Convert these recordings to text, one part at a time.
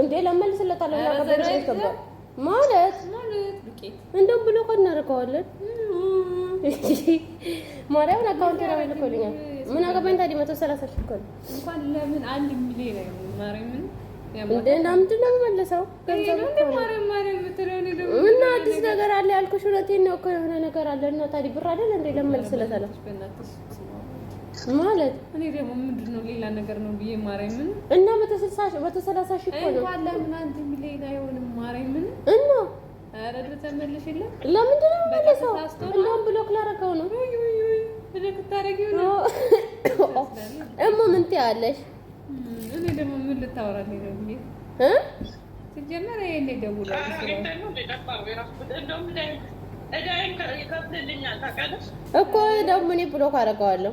እንዴ ለመልስለታለሁ ማለት እንደውም ብሎ እናደርገዋለን። ማርያምን አካውንት ነው ልኮልኛል። ምን አገባኝ ታዲያ መቶ ሰላሳ ሺህ እኮ ነው። እንኳን ለምን አንድ ሚሊዮን ማርያምን ለምንድን ነው የምመለሰው? እና አዲስ ነገር አለ ያልኩሽ፣ እውነቴን ነው እኮ የሆነ ነገር አለ እና ታዲያ ብር አይደል እንዴ ለመልስለታለሁ ማለት እኔ ደግሞ ምንድን ነው ሌላ ነገር ነው ብዬ ማርያምን እና በተሰላሳ ሺህ እኮ ነው ሌላ አይሆንም። ማርያምን እና ኧረ ድሮ ተመልሽልኝ። ለምንድን ነው የምመለሰው? እንደውም ብሎክ ላደረገው ነው። እሞ ምን ትያለሽ? እኔ ደግሞ ምን ልታወራልኝ ነው ብዬ ሲጀመር ይሄኔ ደውላ እኮ ደግሞ እኔ ብሎክ አደርገዋለሁ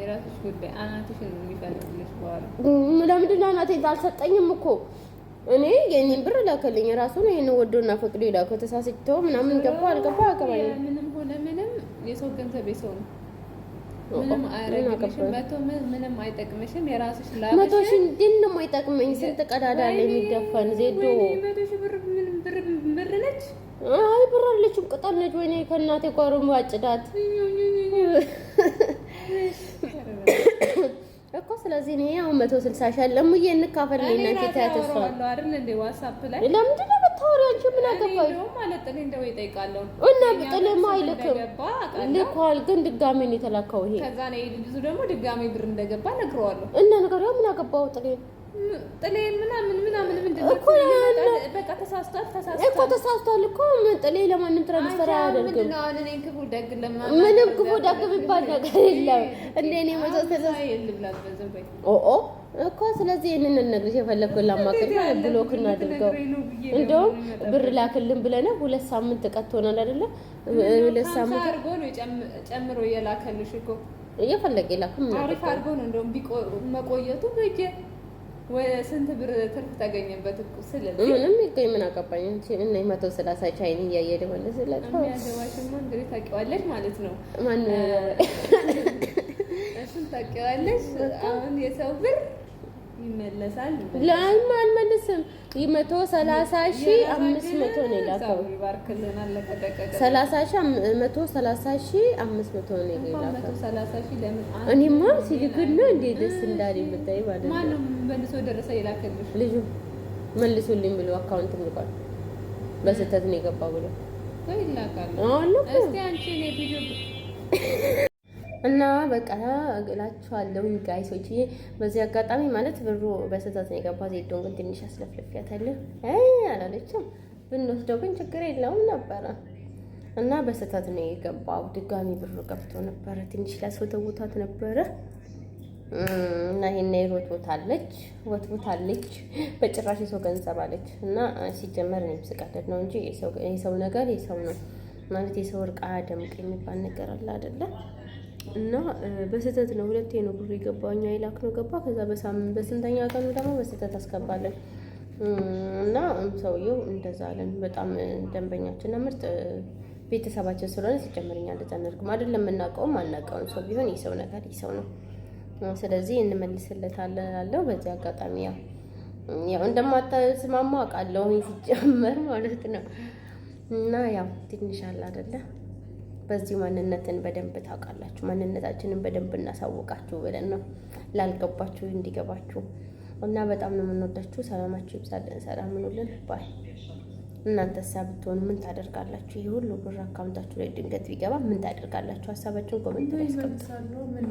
የራስሽ ጉዳይ። አናትሽን የሚፈልግልሽ በኋላ ለምንድን ነው አናቴ አልሰጠኝም እኮ እኔ የኔን ብር ላከልኝ ራሱ ነው። ይሄን ወዶና ፈቅዶ ላከው። ተሳስቼው ምናምን ገባ አልገባ አቀባይ ምንም ሆነ ምንም የሰው ገንዘብ የሰው ነው። መቶ ሺህ እንዴት ነው የማይጠቅመኝ? ስንት ቀዳዳ አለ የሚደፈን ዜዶ። አይ ብር አለችም ቅጠል ነች። ወይኔ ከእናቴ ጓሮ ባጭዳት ስለዚህ እኔ አሁን መቶ ስልሳ ሺህ አለ እሙዬ እንካፈል ላይ እናንተ ታተፋ ለምንድን ነው የምታወሪው? አንቺ እና አይልክም። ልኳል ግን ድጋሚ ነው የተላከው። ይሄ ከዛ ነው ደግሞ ድጋሜ ብር እንደገባ ነግረዋለሁ እና ነገሩ ምን አገባው ጥሌ ጥሌን እኮ ተሳስቷል፣ እኮ ጥሌ ለማንም ትራንስፈር አያደርግም። ምንም ክፉ ደግ የሚባል ነገር የለም። እንደ እኔ ኦ እኮ ስለዚህ ይህንን ልነግርሽ የፈለግኩን ላማክር ብሎክ እናድርገው። እንደውም ብር ላክልን ብለነው ሁለት ሳምንት ቀጥቶናል አይደለ? ሁለት ሳምንት አድርጎ ነው ጨምሮ የላከልሽ እኮ እየፈለገ የላክም አሪፍ አድርጎ ነው እንደውም መቆየቱ ስንት ብር ትርፍ ተገኘበት እኮ። ስለዚህ ምንም ይገኝ ምን አቀባኝ እንጂ እና መቶ ሰላሳ ቻይኒ እያየ ደሆነ ስለዚህ የሚያገባሽማ እንግዲህ ታውቂዋለሽ ማለት ነው። ማን እሱን ታውቂዋለሽ። አሁን የሰው ብር ይመለሳል። ለአይም አልመልስም። መቶ ሰላሳ አምስት መቶ ነው የላከው። ሰላሳ መቶ ሰላሳ አምስት መቶ ነው የላከው። እኔማ ሲልክል እንዴ ደስ ማለት ነው። መልሶ ደረሰ የላከልሽ ልጁ መልሱልኝ ብሎ አካውንት በስህተት ነው የገባው ብሎ ይላካል። አሁን እስቲ አንቺ ቪዲዮ እና በቃ እላችኋለሁ ጋይሶች። በዚህ አጋጣሚ ማለት ብሩ በስህተት ነው የገባው። ዜዶን ግን ትንሽ አስለፍለፊያታለሁ አላለችም። ብንወስደው ግን ችግር የለውም ነበረ እና በስህተት ነው የገባው። ድጋሚ ብሩ ገብቶ ነበረ። ትንሽ ላስወተውታት ነበረ እና ይሄን ነይሮ ወትቦታለች ወትቦታለች። በጭራሽ የሰው ገንዘብ አለች። እና ሲጀመር እኔም ስቀደድ ነው እንጂ የሰው ነገር የሰው ነው ማለት የሰው እርቃ ደምቅ የሚባል ነገር አለ አይደለ? እና በስህተት ነው ሁለቴ ነው ብሩ የገባው እኛ ነው ገባ። ከዛ በሳምንት በስንተኛ ቀኑ ደግሞ በስህተት አስገባለን እና ሰውየው እንደዛ አለን። በጣም ደንበኛችንና ምርጥ ቤተሰባችን ስለሆነ ሲጨምርኛ እንደተነርግም አይደለም የምናውቀውም አናውቀውም ሰው ቢሆን የሰው ነገር የሰው ነው። ስለዚህ እንመልስለታለን አለው። በዚህ አጋጣሚ ያው ያው እንደማታስማማ አውቃለሁ ሲጨመር ማለት ነው እና ያው ትንሽ አለ አይደለ በዚህ ማንነትን በደንብ ታውቃላችሁ፣ ማንነታችንን በደንብ እናሳውቃችሁ ብለን ነው ላልገባችሁ እንዲገባችሁ እና በጣም ነው የምንወዳችሁ። ሰላማችሁ ይብዛልን፣ ሰላም ኑልን ባይ። ሳ ብትሆኑ ምን ታደርጋላችሁ? ይህ ሁሉ ብር አካውንታችሁ ላይ ድንገት ቢገባ ምን ታደርጋላችሁ? ሀሳባችሁን ኮሜንት ያስቀምጡ።